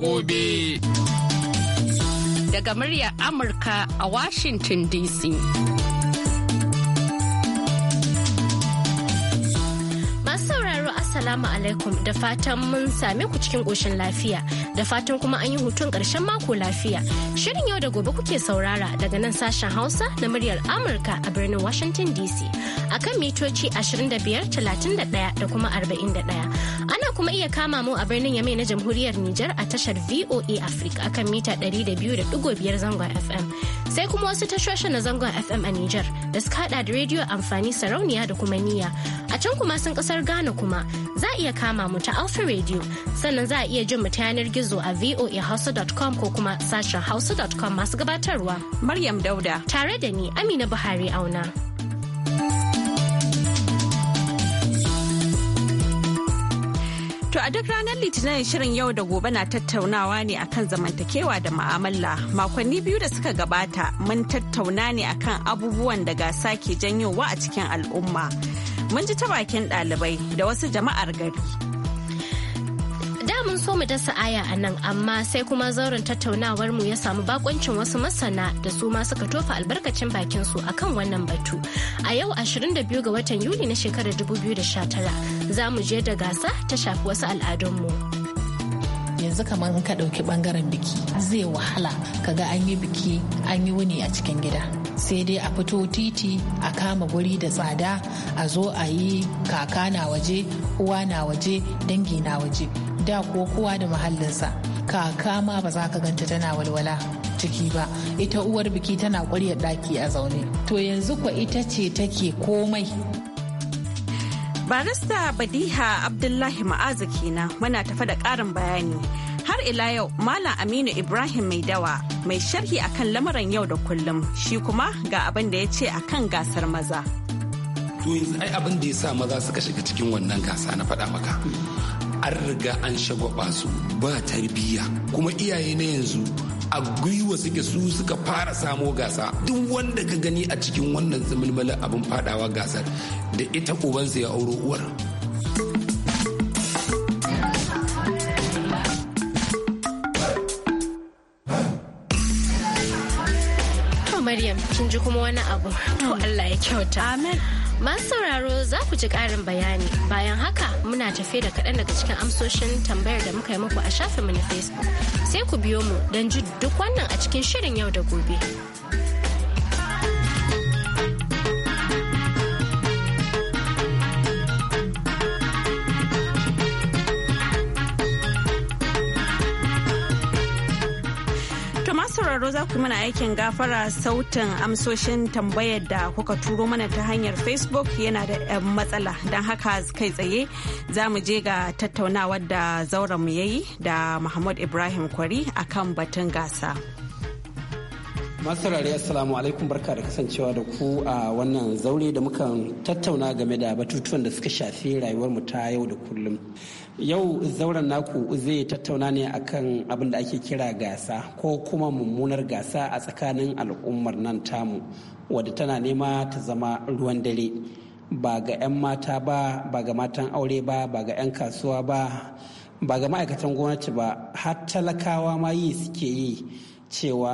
gobe. Daga muryar Amurka a Washington DC. Masu sauraro Assalamu alaikum da fatan mun same ku cikin ƙoshin lafiya da fatan kuma an yi hutun ƙarshen mako lafiya. Shirin yau da gobe kuke saurara daga nan sashen Hausa na muryar Amurka a birnin Washington DC. a kan mitoci 25,31 da kuma 41. Ana kuma iya kama mu a birnin Yamai na Jamhuriyar Nijar a tashar VOA Africa akan mita 200.5 zangon FM. Sai kuma wasu tashoshin na zangon FM a Nijar da suka hada da rediyo amfani sarauniya da kuma niyya. A can kuma sun kasar Ghana kuma za a iya kama mu ta Alpha Radio sannan za a iya jin mu ta yanar gizo a voahausa.com ko kuma sashen hausa.com masu gabatarwa. Maryam Dauda. Tare da ni Amina Buhari Auna. To a duk ranar Litinin shirin yau da gobe na tattaunawa ne akan zamantakewa da ma'amala. Makonni biyu da suka gabata mun tattauna ne akan abubuwan da gasa ke janyowa a cikin al'umma. Mun ji ta bakin ɗalibai da wasu jama'ar gari. so mu dasa aya a nan amma sai kuma zauren tattaunawar mu ya samu bakoncin wasu masana da su ma suka tofa albarkacin bakin su akan wannan batu. A yau 22 ga watan Yuli na shekarar 2019 za mu je da gasa ta shafi wasu al'adunmu. mu. yanzu kamar in ka ɗauki ɓangaren biki zai wahala kaga an yi biki an yi wuni a cikin gida sai dai a fito titi a kama guri da tsada a zo a yi kaka na waje uwa na waje dangi na waje da ko kowa da muhallinsa kaka ma ba za ka ganta tana walwala ciki ba ita uwar biki tana kuryar ɗaki a zaune to yanzu ita ce take komai Barista Badiha Abdullahi Ma'azu kenan muna tafa da ƙarin bayani. Har ila yau Malam Aminu Ibrahim mai dawa mai sharhi akan lamuran yau da kullum shi kuma ga abin da ya ce akan gasar maza. To yanzu ai abin da ya sa maza suka shiga cikin wannan gasa na faɗa maka. An riga an shagwaba su ba tarbiyya kuma iyaye na yanzu a gwiwa suke su suka fara samo gasa duk wanda ka gani a cikin wannan zamulmalin abin fadawa gasar da ita ubansa ya auro uwar ji kuma wani abu to Allah ya kyauta amen masu sauraro za ku ji ƙarin bayani bayan haka muna tafe da kaɗan daga cikin amsoshin tambayar da muka yi muku a shafinmu na facebook sai ku biyo mu don ji duk wannan a cikin shirin yau da gobe. sauraro za ku mana aikin gafara sautin amsoshin tambayar da kuka turo mana ta hanyar facebook yana da yan eh, matsala don haka kai tsaye za mu je ga tattaunawar da zauren mu yayi da muhammad ibrahim kwari kan batun gasa. masarari assalamu alaikum barka da kasancewa da ku a wannan zaure da mukan tattauna game da batutuwan da suka shafi rayuwar mu ta yau da kullum yau zauren naku zai tattauna ne akan abin da ake kira gasa ko kuma mummunar gasa a tsakanin al'ummar nan tamu wadda tana nema ta zama ruwan dare ba ga 'yan mata ba ba ga matan aure ba ba ga 'yan kasuwa ba ba ga ma'aikatan gwamnati ba har talakawa ma yi suke yi cewa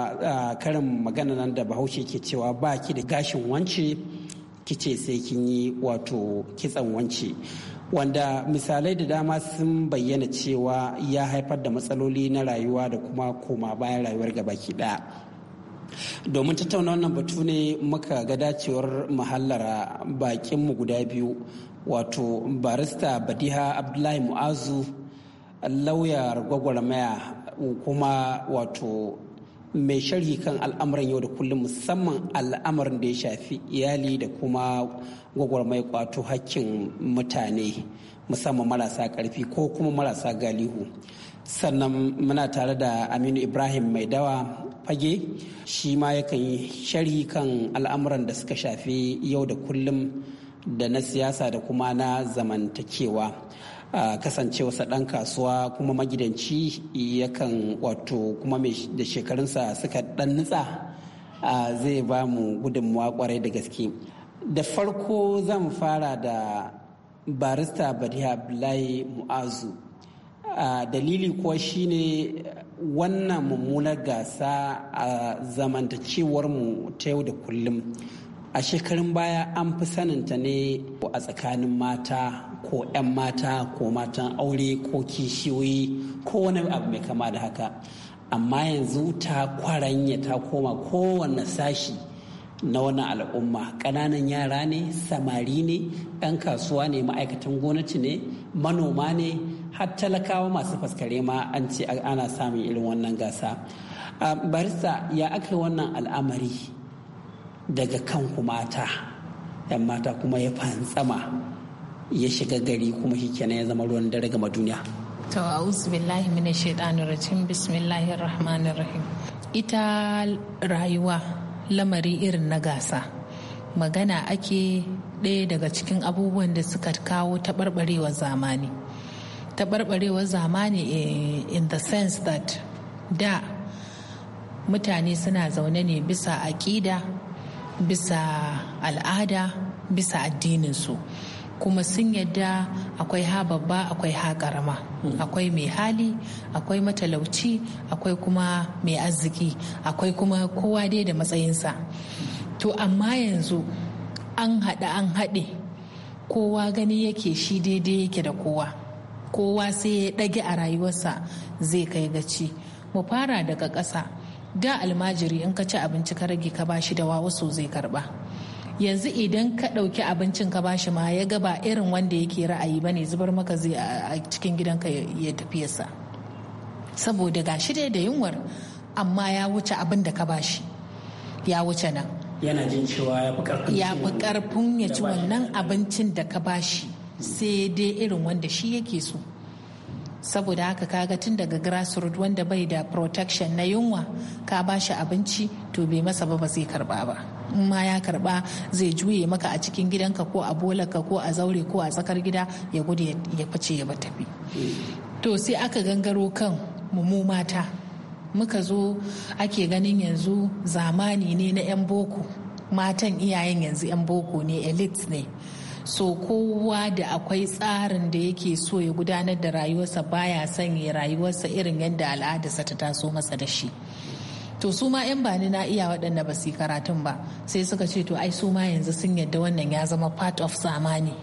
karin magana nan da bahaushe ke cewa ba ki da gashin wance kice sai kin yi wato kitsan wance wanda misalai da dama sun bayyana cewa ya haifar da matsaloli na rayuwa da kuma koma bayan rayuwar gaba daya domin tattauna wannan batu ne muka ga dacewar mahallara bakinmu guda biyu wato barista badiha abdullahi mu'azu lauyar gwagwarmaya kuma wato mai sharhi kan al'amuran yau da kullum musamman al'amarin da ya shafi iyali da kuma gwagwarmai kwato hakkin mutane musamman marasa karfi ko kuma marasa galihu sannan muna tare da aminu ibrahim mai dawa fage shi ma yakan yi sharhi kan al'amuran da suka shafi yau da kullum da na siyasa da kuma na zamantakewa a kasancewarsa ɗan kasuwa kuma magidanci yakan wato kuma da shekarunsa suka ɗan nutsa zai ba mu gudunmuwa kwarai da gaske da farko zan fara da barista badiha abdullahi mu'azu dalili kuwa shine wannan mummunar gasa a mu ta yau da kullum a shekarun baya an fi saninta ne a tsakanin mata ko 'yan mata ko matan aure ko kishiyoyi ko wani abu mai kama da haka amma yanzu ta kwaranya ta koma kowane sashi na wani al'umma ƙananan yara ne samari ne 'yan kasuwa ne ma'aikatan gwamnati ne manoma ne har talakawa masu faskare ma an ce ana samun irin wannan gasa barista ya aka wannan al'amari daga kanku mata yan mata kuma ya fantsama ya shiga gari kuma shi kenan ya zama ruwan dare ga duniya to a'udhu billahi minash shaitanir rajim bismillahir rahmanir rahim ita rayuwa lamari irin na gasa magana ake ɗaya daga cikin abubuwan da suka kawo taɓarɓarewar zamani taɓarɓarewar zamani eh, in the sense that da mutane suna zaune ne bisa aƙida bisa al'ada bisa addininsu kuma sun yadda akwai ha babba akwai ha karama akwai mai hali akwai matalauci akwai kuma mai arziki akwai kuma kowa dai da matsayinsa to amma yanzu an haɗa an haɗe kowa gani yake shi daidai yake da kowa kowa sai ya ɗage a rayuwarsa zai kai gaci mu fara daga ƙasa da almajiri in ka ci abinci ka rage ka bashi da wawa so zai karba yanzu idan ka ɗauki abincin ka bashi ma ya gaba irin wanda yake ra'ayi bane zubar maka zai a cikin gidanka ya tafi yasa saboda ga shi da yunwar amma ya wuce abin da ka bashi ya wuce nan yana jin cewa ya fi karfin ya ci wannan abincin da ka bashi sai dai irin wanda shi yake so saboda haka kaga tun daga grassroot wanda bai da protection na yunwa ka ba shi abinci to bai masa ba ba zai karba ba in ma ya karba zai juye maka a cikin gidanka ko a bolarka ko a zaure ko a tsakar gida ya gudu ya fice ya tafi to sai aka gangaro kan mu mata muka zo ake ganin yanzu zamani ne na 'yan boko matan iyayen yanzu 'yan boko ne elite ne so kowa da akwai tsarin da yake so ya gudanar da rayuwarsa baya son ya rayuwarsa irin yadda al'adarsa ta taso masa da shi to su ma 'yan bani na iya waɗanda ba su karatun ba sai suka ce to ai su ma yanzu sun yadda wannan ya zama part of zamani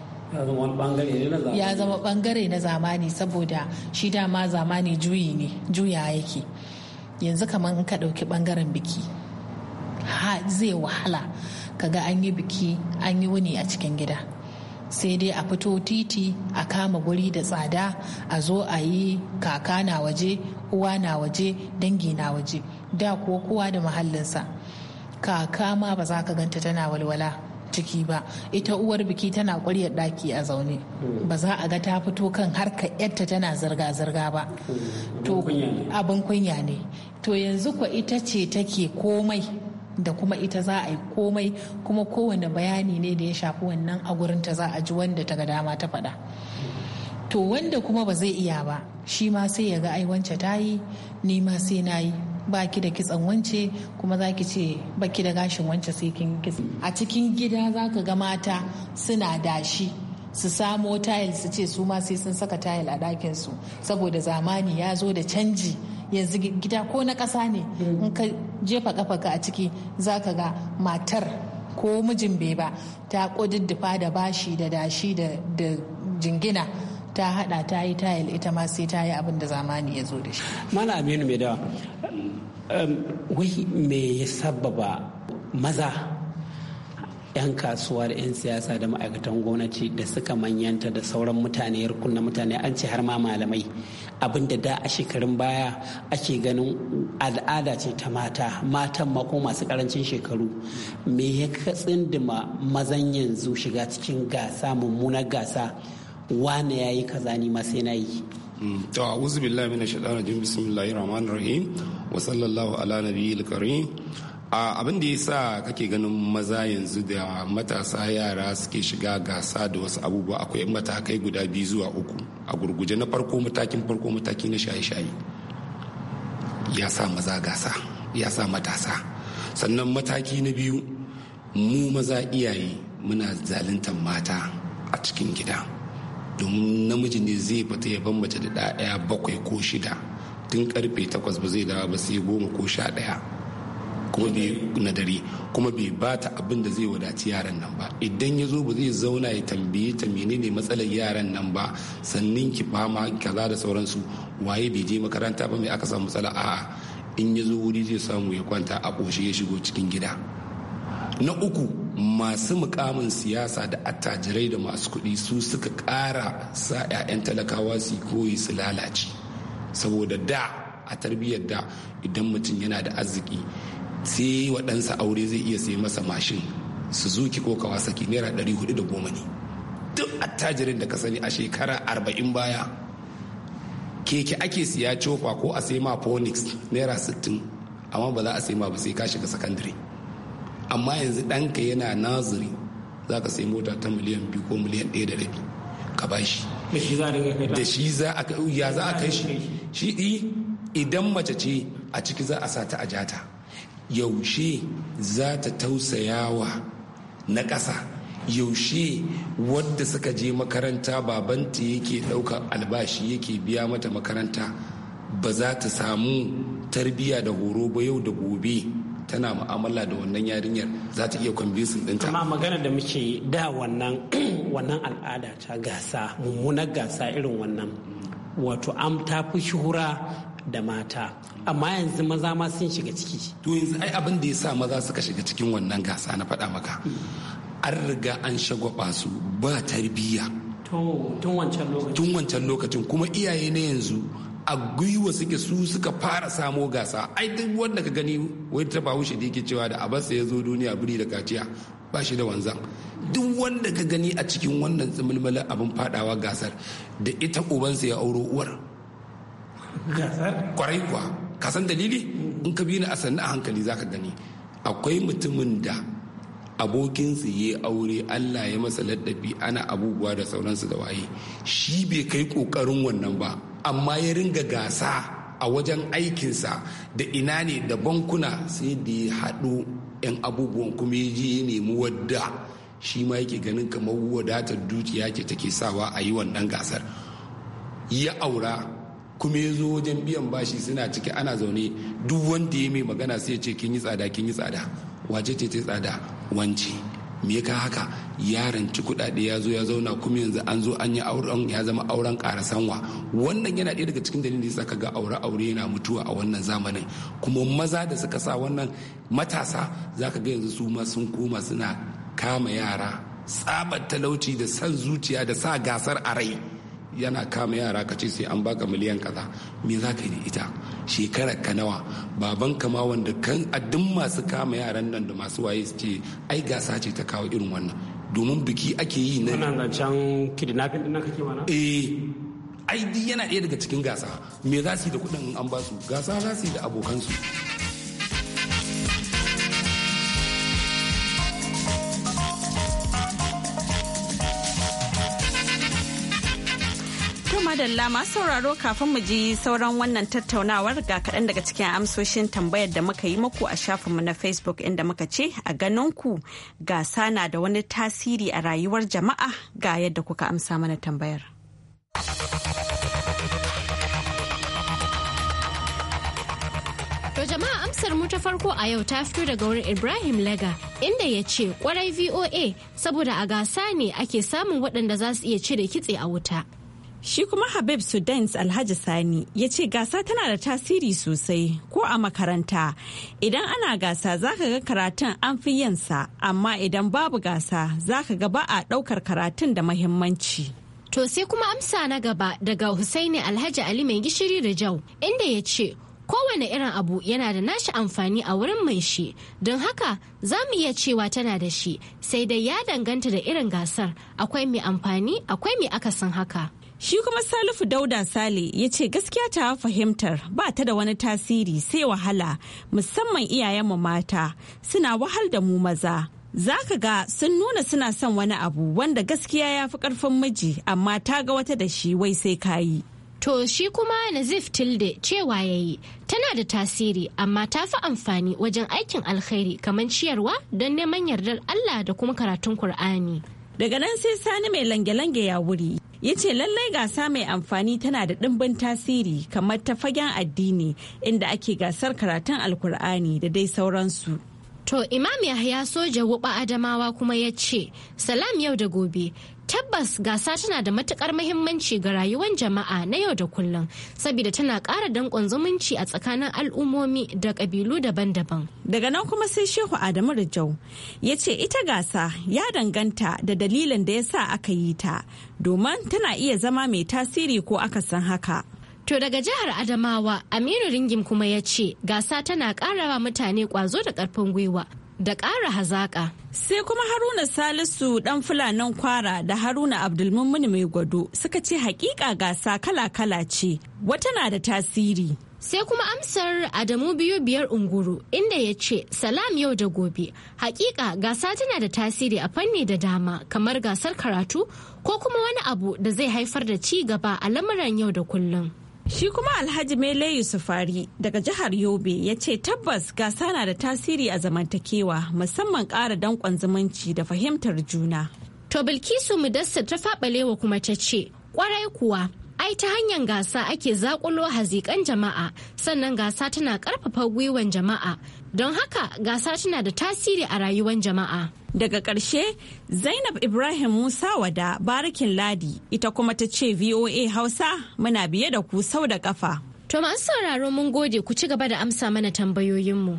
ya zama bangare na zamani saboda shi dama zamani juyi ne juya yake yanzu kamar in ka ɗauki bangaren biki zai wahala kaga an yi biki an yi wuni a cikin gida sai dai a fito titi a kama guri da tsada a zo a yi kaka na waje uwa na waje dangi na waje da kuwa kowa da mahallinsa kaka ma ba za ka ganta tana walwala ciki ba ita uwar biki tana ƙuryar ɗaki a zaune hmm. ba za a ga ta fito kan harka yarta tana zirga-zirga ba hmm. abin kunya ne to yanzu kwa ita ce take komai da kuma ita za a yi komai kuma kowane bayani ne da ya shafi wannan a gurinta za a ji wanda ta ga dama ta faɗa to wanda kuma ba zai iya ba shi ma sai ya ga ai wance ta yi ni ma sai na yi ba ki da kitsan wance kuma za ki ce ba ki da gashin wance sai kin kitsa a cikin gida za ka ga mata suna dashi su samo tayil su ce su ma sai sun saka tayil a ɗakinsu saboda zamani ya zo da canji yanzu gida ko na ƙasa ne in ka jefa ka a ciki za ka ga matar ko mijin bai ba ta ƙududdufa da bashi da dashi da jingina ta hada ta yi tayil ita ma sai ta yi abin da zamani ya zo da shi. mana Aminu mai dawa, um, um, wai me sababa maza 'yan kasuwa da 'yan siyasa da ma'aikatan gwamnati da suka manyanta da sauran mutane rukunna mutane an ce har ma malamai abin da da a shekarun baya ake ganin al'ada ce ta mata matan ma ko masu karancin shekaru me ya katsin tsindima mazan yanzu shiga cikin gasa mummunar gasa wane ya yi kaza ni ma sai na yi mm, to a'udhu billahi minash shaitanir rahim wa sallallahu ala nabiyil abin da ya sa kake ganin maza yanzu da matasa yara suke shiga gasa da wasu abubuwa akwai matakai guda biyu zuwa uku a gurguje na farko matakin farko mataki na shaye-shaye ya sa maza gasa ya sa matasa sannan mataki na biyu mu maza iyaye muna zaluntar mata a cikin gida domin namiji ne zai fita ya mace da ɗaya bakwai ko shida tun karfe takwas ba zai dawo ba sai goma ko sha ɗaya kuma bai na dare kuma bai ba ta abin da zai wadaci yaran nan ba idan ya zo ba zai zauna ya tambaye ta menene matsalar yaran nan ba sannan ki fama kaza da sauransu waye bai je makaranta ba mai aka samu matsala a'a in ya zo wuri zai samu ya kwanta a ƙoshe ya shigo cikin gida na uku masu mukamin siyasa da attajirai da masu kuɗi su suka ƙara sa 'ya'yan talakawa su koyi su lalace saboda da a tarbiyyar da idan mutum yana da arziki sai waɗansa aure zai iya sai masa mashin suzuki ko kawasaki naira ɗari hudu da goma ne duk attajirin da ka sani a shekara arba'in baya keke ake siya cofa ko a sai ma phoenix naira sittin amma ba za a sai ma ba sai ka shiga sakandare amma yanzu ɗanka yana naziri za ka sai mota ta miliyan biyu ko miliyan ɗaya da rabi ka ba shi da shi ya za a kai shi shi idan mace ce a ciki za a sa ta a jata yaushe za ta tausayawa na ƙasa yaushe wadda suka je makaranta babanta yake ɗaukar albashi yake biya mata makaranta ba za ta samu tarbiyya da horo ba yau da gobe tana ma'amala da wannan yarinyar za ta iya kwambisin ɗinta. amma magana da muke da wannan wannan al'ada ta gasa mummunar gasa irin wannan wato am ta fi shuhura da mata amma yanzu maza ma sun shiga ciki to yanzu ai abin da ya sa maza suka shiga cikin wannan gasa na faɗa maka an riga an shagwaba su ba tarbiyya tun wancan lokacin tun wancan lokacin kuma iyaye na yanzu a gwiwa suke su suka fara samo gasa ai duk wanda ka gani wai ta bahaushe da yake cewa da abarsa ya zo duniya biri da kaciya ba shi da wanzan duk wanda ka gani a cikin wannan tsimilmalin abin fadawa gasar da ita ubansa ya auro uwar kwarai kuwa ka san dalili in ka bi ni a sannu a hankali za ka gani akwai mutumin da abokinsa ya aure Allah ya masa ladabi ana abubuwa da sauransu da waye shi bai kai kokarin wannan ba amma ya ringa gasa a wajen aikinsa da ina ne da bankuna sai da ya haɗu 'yan abubuwan kuma ya je ya nemi wadda shi ma yake ganin kamar wadatar dukiya ke take sawa a yi wannan gasar ya aura kuma ya zo wajen biyan bashi suna ciki ana zaune duk wanda ya mai magana sai ya ce kin yi tsada kin yi tsada wace ce ta tsada wance me ka haka yaron ci kuɗaɗe ya zo ya zauna kuma yanzu an zo an yi auren ya zama auren karasanwa wannan yana daya daga cikin dalilin da ya ga aure aure yana mutuwa a wannan zamanin kuma maza da suka sa wannan matasa zaka ga yanzu su ma sun koma suna kama yara tsabar talauci da san zuciya da sa gasar a rai yana kama yara ka ce sai an baka miliyan kaza me za ka yi ita shekarar ka nawa baban ka ma wanda kan addin masu kama yaran nan da masu waye su ce ai gasa ce ta kawo irin wannan domin biki ake yi na wannan zancen kidnapping din kake mana eh ai yana ɗaya daga cikin gasa me za su yi da kuɗin an ba su gasa za su yi da abokansu madalla masu sauraro kafin mu ji sauran wannan tattaunawar ga kaɗan daga cikin amsoshin tambayar da muka yi muku a shafinmu na Facebook inda muka ce a ganin ku gasa na da wani tasiri a rayuwar jama'a ga yadda kuka amsa mana tambayar. To jama'a amsar mu ta farko a yau ta fito daga wurin Ibrahim Laga inda ya ce kwarai VOA saboda a gasa ne ake samun waɗanda za su iya cire kitse a wuta. Shi kuma Habib Sudans Alhaji Sani ya ce gasa tana da tasiri sosai ko a makaranta. Idan ana gasa za ka ga karatun an fi yansa, amma idan babu gasa za ka ga ba a ɗaukar karatun da mahimmanci. To sai kuma amsa na gaba daga Husaini Alhaji Ali mai gishiri da jau inda ya ce kowane irin abu yana da nashi amfani a wurin mai shi don haka za mu iya cewa tana da shi sai dai ya danganta da irin gasar akwai mai amfani akwai mai akasin haka. Shi kuma Salifu Dauda Sale ya ce gaskiya ta fahimtar ba ta da wani tasiri sai wahala musamman iyayen mu mata suna wahal da mu maza. Za ka ga sun nuna suna son wani abu wanda gaskiya ya fi karfin miji amma ta ga wata da shi wai sai kayi. To shi kuma Nazif Tilde cewa ya yi tana da tasiri amma ta fi amfani wajen aikin alkhairi kamar ciyarwa don neman yardar Allah da kuma karatun Kur'ani. Daga nan sai sani mai lange-lange ya wuri ya ce lallai gasa mai amfani tana da ɗimbin tasiri kamar ta fagen addini inda ake gasar karatun alkur'ani da dai sauransu. To Imam Yahya soja wuɓa Adamawa kuma ya ce, Salam yau da gobe Tabbas gasa tana da matukar mahimmanci ga rayuwar jama'a na yau da kullum saboda tana kara danƙon zumunci a tsakanin al'ummomi da ƙabilu daban-daban. Daga nan kuma sai Shehu Adamu Rijau ya ce ita gasa ya danganta da dalilin da ya sa aka yi ta domin tana iya zama mai tasiri ko aka san haka. To daga jihar Adamawa, Aminu Ringim kuma ya ce gasa tana ƙarawa mutane ƙwazo da ƙarfin gwiwa da ƙara hazaƙa. Sai kuma Haruna Salisu ɗan Fulanan Kwara da Haruna Abdulmumuni mai gwado suka ce hakika gasa kala-kala ce, wata na da tasiri. Sai kuma amsar Adamu biyu biyar unguru inda ya ce salam yau da gobe. Hakika gasa tana da tasiri a fanni da dama kamar gasar karatu ko kuma wani abu da zai haifar da ci gaba a lamuran yau da kullum. Shi kuma Alhaji Mele Yusufari daga jihar Yobe ya ce tabbas gasa na da tasiri a zamantakewa musamman ƙara danƙon zumunci da fahimtar juna. To Bilkisu Mudassir ta faɓalewa kuma ta ce, ƙwarai kuwa ai ta hanyar gasa ake zaƙulo haziƙan jama'a sannan gasa tana ƙarfafa gwiwan jama'a don haka gasa tana da tasiri a rayuwan jama'a. Daga ƙarshe, Zainab Ibrahim Musa wada barikin ladi ita kuma ta ce VOA Hausa muna biye da ku sau da ƙafa. To masu sauraro mun gode ku ci gaba da amsa mana tambayoyinmu.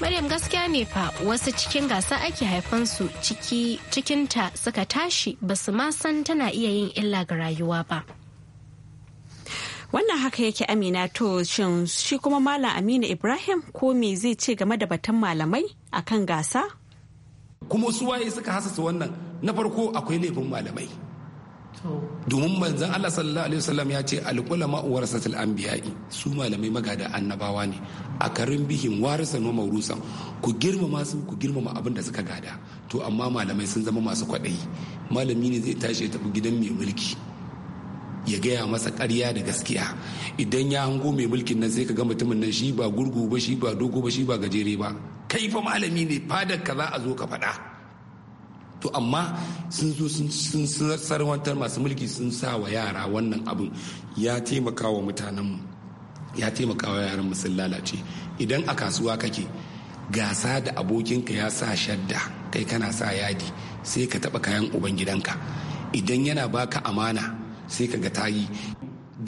Maryam gaskiya ne fa wasu cikin gasa ake haifansu cikinta suka tashi basu ma san tana iya yin illa ga rayuwa ba. wannan haka yake amina to shin shi kuma malam aminu ibrahim ko me zai ce game da batun malamai akan gasa kuma su waye suka hasasa wannan na farko akwai laifin malamai domin manzan Allah sallallahu alaihi wasallam ya ce alqulama an biya su malamai magada annabawa ne a karin bihin warisa na maurusan ku girmama su ku girmama abin da suka gada to amma malamai sun zama masu kwaɗayi malami ne zai tashi ya tafi gidan mai mulki ya gaya masa karya da gaskiya idan ya hango mai mulkin nan sai ka ga mutumin nan shi ba gurgu ba shi ba dogo ba shi ba gajere ba kai fa malami ne fadar ka za a zo ka faɗa to amma sun zo sun sarwantar masu mulki sun sa wa yara wannan abin ya taimaka wa mutanenmu ya taimaka wa yaran mu sun lalace idan a kasuwa kake gasa da abokinka ya sa shadda kai kana sa yadi sai ka taɓa kayan ubangidanka idan yana baka amana sai ka ga ta yi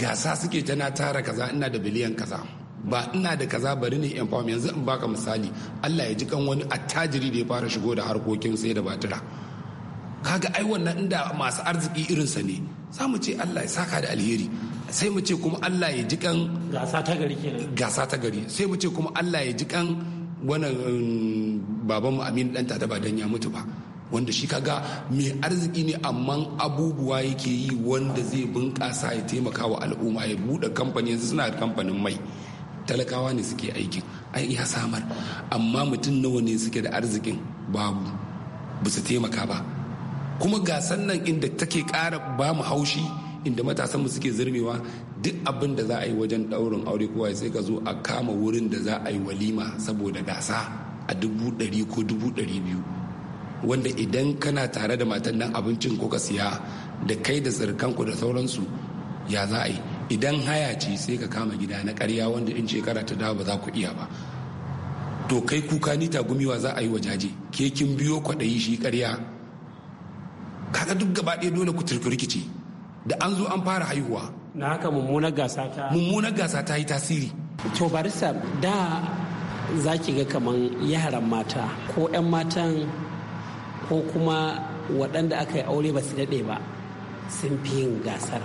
gasa suke tana tara kaza ina da biliyan kaza ba ina da kaza bari ne in fam yanzu in baka misali Allah ya ji kan wani attajiri da ya fara shigo da harkokin sai da batura kaga ai wannan inda masu arziki irin sa ne za mu ce Allah ya saka da alheri sai mu ce kuma Allah ya ji kan gasa ta gari kenan gasa ta gari sai mu ce kuma Allah ya ji kan wannan um, babanmu Aminu dan ta ba dan ya mutu ba wanda shi kaga mai arziki ne amma abubuwa yake yi wanda zai bunƙasa ya taimaka wa al'umma ya buɗe kamfani yanzu suna kamfanin mai talakawa ne suke aiki ai iya samar amma mutum nawa ne suke da arzikin babu ba su taimaka ba kuma ga sannan inda take ƙara ba mu haushi inda matasanmu suke zirmewa duk abin da za a yi wajen ɗaurin aure kowa sai ka zo a kama wurin da za a yi walima saboda gasa a dubu ɗari ko dubu ɗari biyu wanda idan kana tare da matan nan abincin kuka siya da kai da tsirkanku da sauransu ya za a yi idan haya ce sai ka kama gida na karya wanda in shekara ta dawo ba za ku iya ba to kai kuka ni tagumiwa za a yi wajaje ke kin biyo kwaɗayi shi karya kaga duk gaba ɗaya dole ku rikici da an zo an fara haihuwa na haka mummunar gasa ta mummunar gasa ta yi tasiri to barista da za ki ga kaman yaran mata ko 'yan matan ko kuma waɗanda aka yi aure ba su daɗe ba sun fi yin gasar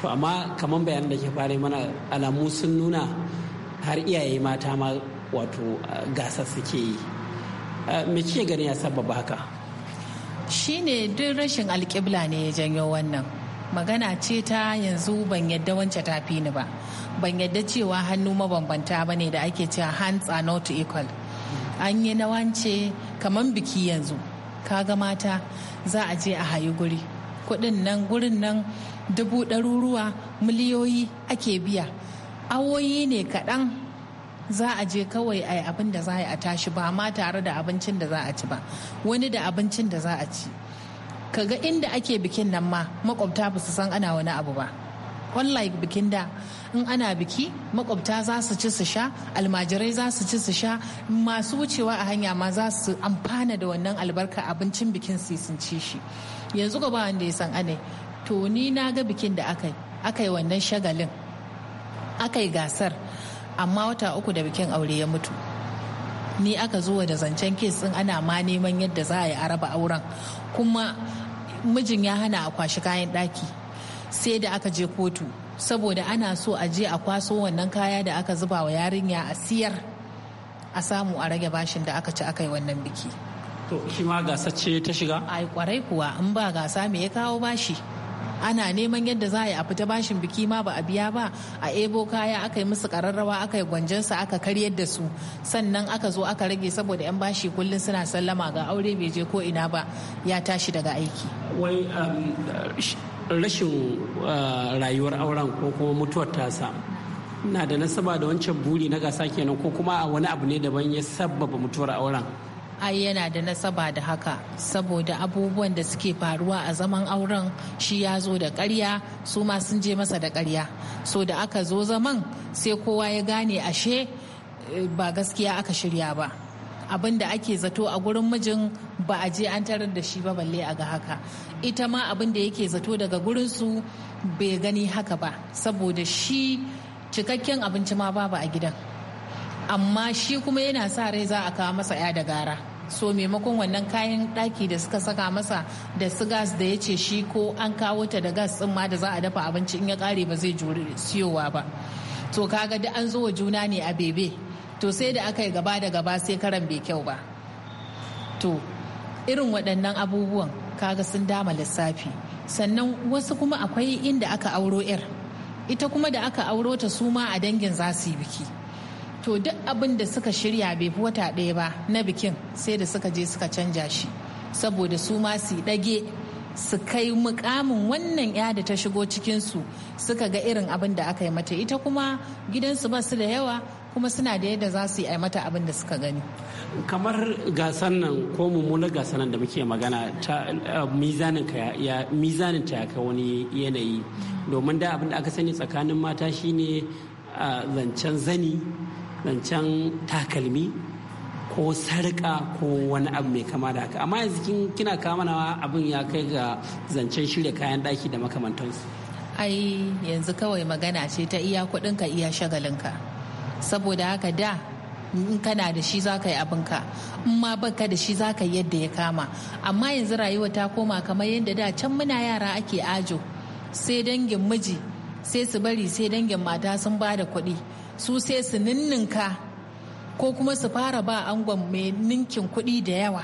to amma kamar bayanan da ke fara mana alamu sun nuna har iyaye mata ma wato gasar suke yi me ce gani ya sababa haka shine duk rashin alƙibla ne ya janyo wannan magana ce ta yanzu ban yadda wance ta fi ni ba ban yadda cewa hannu mabambanta ba ne da ake cewa hands are not equal an yi na wance kamar biki yanzu kaga mata za a je a hayi guri kuɗin nan gurin nan dubu ɗaruruwa miliyoyi ake biya awoyi ne kaɗan za a je kawai a yi abin da za a yi a tashi ba ma tare da abincin da za a ci ba wani da abincin da za a ci kaga inda ake bikin nan ma makwabta ba su san ana wani abu ba unlike bikin da in ana biki makwabta za su ci su sha almajirai za su ci su sha masu wucewa a hanya ma za su amfana da wannan albarka abincin bikin su sun ci shi yanzu ga wanda ya san ane to ni na ga bikin da aka yi aka yi wannan shagalin aka yi gasar amma wata uku da bikin aure ya mutu ni aka zuwa da zancen kes din ana ma neman yadda za a yi a raba auren kuma mijin ya hana a kwashi kayan ɗaki. sai da aka je kotu saboda ana so a je a kwaso wannan kaya da aka zuba wa yarinya a siyar a samu a rage bashin da aka ci aka yi wannan biki to shi ma gasa ce ta shiga yi kwarai kuwa in ba gasa me ya kawo bashi ana neman yadda za a yi a fita bashin biki ma ba a biya ba a ebo kaya aka yi musu kararrawa aka yi gwanjansa aka karyar da su sannan aka zo aka rage saboda 'yan bashi kullum suna sallama ga aure bai je ko ina ba ya tashi daga aiki wai um, rashin uh, rayuwar auren ko kuma mutuwar tasa na da nasaba da wancan buri na gasa kenan ko kuma a wani abu ne daban ya sabbaba mutuwar auren ai yana da nasaba da haka saboda abubuwan da suke faruwa a zaman auren shi ya zo da karya su ma sun je masa da karya so da aka zo zaman sai kowa ya gane ashe eh, ba gaskiya aka shirya ba abin da ake zato a gurin mijin ba a je an tarar da shi ba balle a ga haka ita ma abin da yake zato daga gurin su bai gani haka ba saboda shi cikakken abinci ma babu a gidan amma shi kuma yana sa rai za a kawo masa ya da gara so maimakon wannan kayan ɗaki da suka saka masa da su gas da ya ce shi ko an kawo ta da gas ɗin ma da za a dafa abinci in ya kare ba zai juri siyowa ba to kaga da an zo wa juna ne a bebe to sai da aka yi gaba da gaba sai karan bai kyau ba to irin waɗannan abubuwan kaga sun dama lissafi sannan wasu kuma akwai inda aka auro 'yar ita kuma da aka auro ta su ma a dangin za su yi biki to duk abin da suka shirya bai fi wata ɗaya ba na bikin sai da suka je suka canja shi saboda su ma su ɗage su kai mukamin wannan ya da ta shigo cikinsu suka ga irin abin da aka yi mata ita kuma gidansu ba su da yawa kuma suna da yadda za su yi mata abin da suka gani kamar gasan nan ko mummunar gasan nan da muke magana ta uh, mizanin ya mizanin ta ka wani yanayi domin da abin da aka sani tsakanin mata shine uh, zancen zani zancen takalmi ko sarƙa ko wani abu mai kama da haka amma yanzu kina kamanawa abin ya kai ga zancen shirya kayan daki da makamantansu ai yanzu kawai magana ce ta iya kuɗinka iya shagalinka saboda haka da in kana da shi za ka yi abinka in ma baka da shi za ka yi yadda ya kama amma yanzu rayuwa ta koma kamar yadda da can muna yara ake ajo sai dangin miji sai su bari sai dangin mata sun ba da kuɗi su sai su ninninka ko kuma su fara ba angon mai ninkin kuɗi da yawa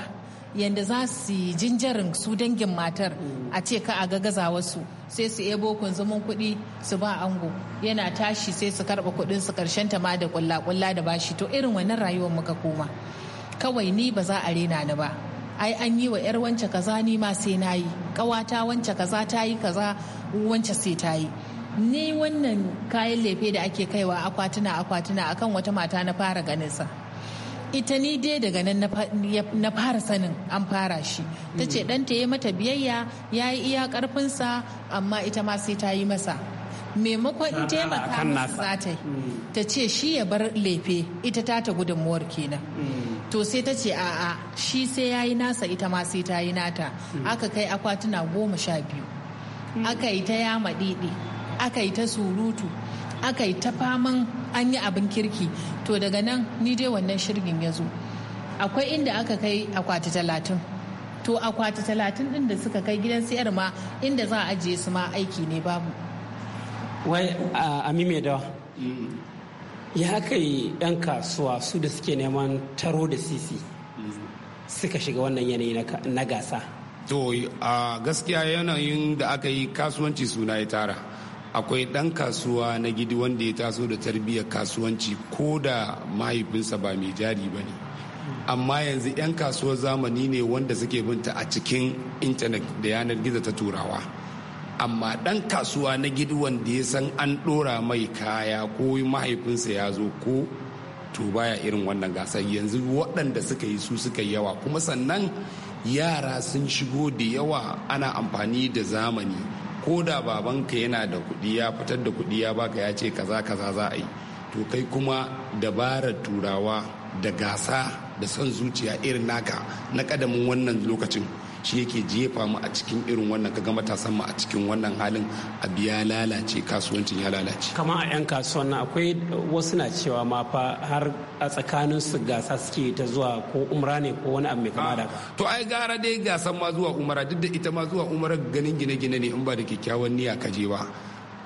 yadda za su jinjarin su dangin matar a ce ka a gagaza wasu sai su ebo kunzumin kuɗi su ba ango yana tashi sai su karba kuɗin su karshen ta ma da kulla-kulla da bashi to irin wannan rayuwar muka koma kawai ni ba za a rena ni ba ai an yi wa yar wance kaza ni ma sai na yi ƙawata wance kaza ta yi kaza wance sai ta yi ni wannan kayan lefe da ake kaiwa akwatuna akwatuna akan wata mata na fara ganin sa ita ni dai daga nan na fara sanin an fara shi ta ce mm. ɗanta ya mata biyayya ya yi iya ƙarfinsa amma ita ma sai ta yi masa maimakon in taimaka masa za ta yi mm. ta ce shi ya bar lefe ita ta ta gudunmuwar kenan mm. to sai ta ce a'a shi sai ya yi nasa ita ma sai ta yi nata aka kai akwatuna goma sha biyu aka yi ta yama ɗiɗi aka yi ta surutu aka yi ta faman an yi abin kirki to daga nan ni dai wannan shirgin ya zo akwai inda aka kai akwati talatin to akwati talatin din da suka kai gidan siyar ma inda za a ajiye su ma aiki ne babu wai a da mm. ya kai 'yan kasuwa su da suke neman taro da sisi mm. suka shiga wannan yanayi na gasa to a gaskiya yanayin da aka yi kasuwanci suna ya tara akwai ɗan kasuwa na gidi wanda ya taso da tarbiyyar kasuwanci ko da mahaifinsa ba mai jari ba ne amma yanzu 'yan kasuwar zamani ne wanda suke binta a cikin intanet da yanar gizo ta turawa amma ɗan kasuwa na gidi wanda ya san an ɗora mai kaya ko mahaifinsa ya zo ko to baya irin wannan gasar yanzu waɗanda suka yi su suka yawa kuma sannan yara sun shigo da yawa ana amfani da zamani ko da babanka yana da kuɗi ya fitar da kuɗi ya baka ya ce kaza kaza za a yi to kai kuma dabarar turawa da gasa da son zuciya irin naka na kadamin wannan lokacin shi yake jefa mu a cikin irin wannan kaga matasan mu a cikin wannan halin abu ya lalace kasuwancin ya lalace kamar a 'yan kasuwan nan akwai wasu na cewa ma fa har a tsakanin su gasa suke ta zuwa ko umra ne ko wani abu mai kama da ah, to ai gara dai gasan ma zuwa umara duk da ita ma zuwa umra ganin gine-gine ne in ba da kyakkyawan niyya ka je ba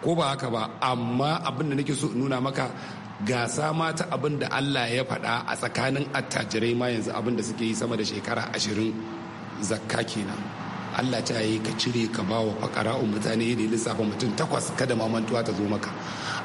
ko ba haka ba amma abin da nake so nuna maka gasa ma ta abin da Allah ya faɗa a tsakanin attajirai ma yanzu abin da suke yi sama da shekara ashirin zakka kenan Allah ta yi ka cire ka ba wa fakara'un mutane ne ya lissafa mutum takwas kada mamantuwa ta zo maka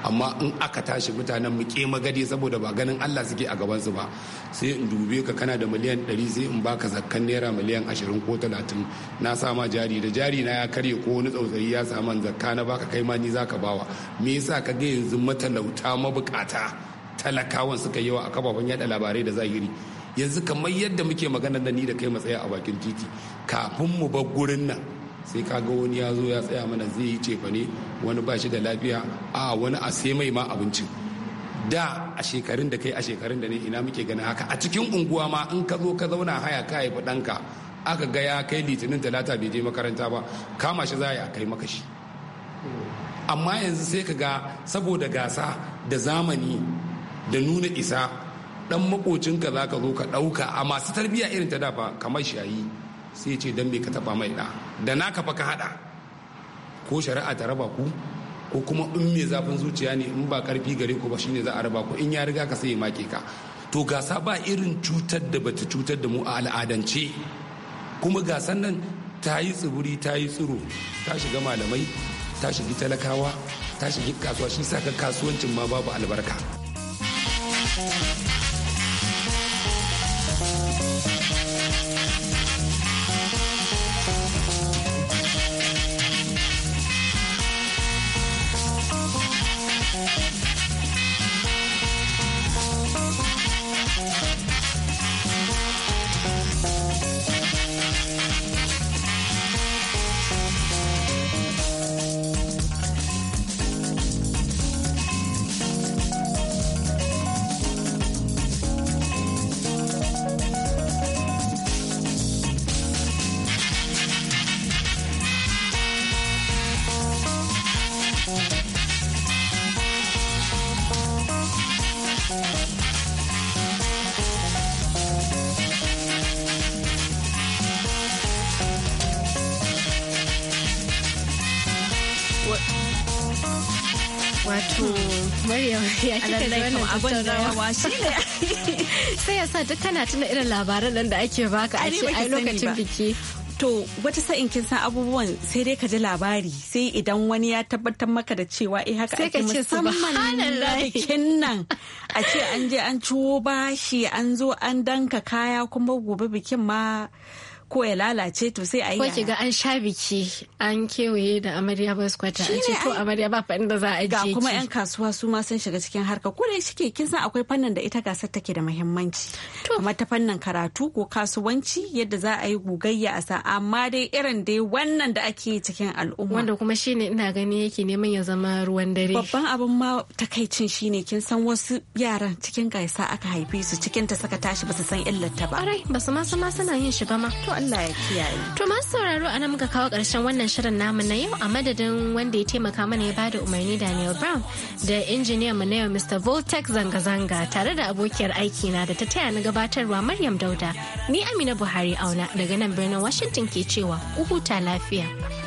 amma in aka tashi mutanen mu ke magade saboda ba ganin Allah suke a gabansu ba sai in dube ka kana da miliyan ɗari sai in baka zakkan naira miliyan ashirin ko talatin na sama jari da jari na ya karye ko wani tsautsayi ya saman zakka na baka kai ma ni zaka bawa me yasa ka ga yanzu matalauta mabukata talakawan suka yawa a kafafen yada labarai da zahiri yanzu kamar yadda muke magana da ni da kai matsaya a bakin titi kafin mu bar gurin nan sai kaga wani ya zo ya tsaya mana zai yi cefa ne wani ba shi da lafiya a wani a sai mai ma abincin da a shekarun da kai a shekarun da ne ina muke gani haka a cikin unguwa ma in ka zo ka zauna haya ka haifi ɗanka aka ga ya kai litinin talata bai je makaranta ba kama shi za a kai maka shi amma yanzu sai ka ga saboda gasa da zamani da nuna isa dan makocinka za ka zo ka ɗauka a masu tarbiyya irin ta dafa kamar shayi sai ce dan bai ka taba mai ɗa da na fa ka haɗa ko shari'a ta raba ku ko kuma in mai zafin zuciya ne in ba karfi gare ku ba shine za a raba ku in ya riga ka sai ya make ka to gasa ba irin cutar da bata cutar da mu a al'adance kuma gasan nan ta yi tsibiri ta yi tsiro ta shiga malamai ta shiga talakawa ta shiga kasuwa shi saka kasuwancin ma babu albarka wato ya kika da sai ya sa duk kana tuna irin labaran nan da ake baka a ce ai lokacin biki to wata sa'in kin san abubuwan sai dai ka ji labari sai idan wani ya tabbatar maka da cewa eh haka ake musamman bikin nan a ce an je an ciwo bashi an zo an danka kaya kuma gobe bikin ma ko ya lalace to sai a yi ko ki ga an sha biki an kewaye da amarya ba su an ce to amarya ba fa inda za a je ga kuma yan kasuwa su ma sun shiga cikin harka ko da shike kin san akwai fannin da ita gasar take da muhimmanci Amma ta fannin karatu ko kasuwanci yadda za a yi gugayya a sa amma dai irin dai wannan da ake yi cikin al'umma wanda kuma shine ina gani yake neman ya zama ruwan dare babban abin ma takaicin shine kin san wasu yaran cikin gaisa aka haife su cikin ta saka tashi ba su san illar ta ba Arai ba su ma sama suna yin shi ba ma to Allah ya kiyaye. To masu sauraro a muka kawo ƙarshen wannan shirin namu na yau a madadin wanda ya taimaka mana ya bada umarni Daniel Brown da injiniyan mu na yau Mr. Voltec zanga-zanga tare da abokiyar aiki na da ta taya ni gabatarwa Maryam Dauda. Ni Amina Buhari auna daga nan birnin Washington ke cewa ku huta lafiya.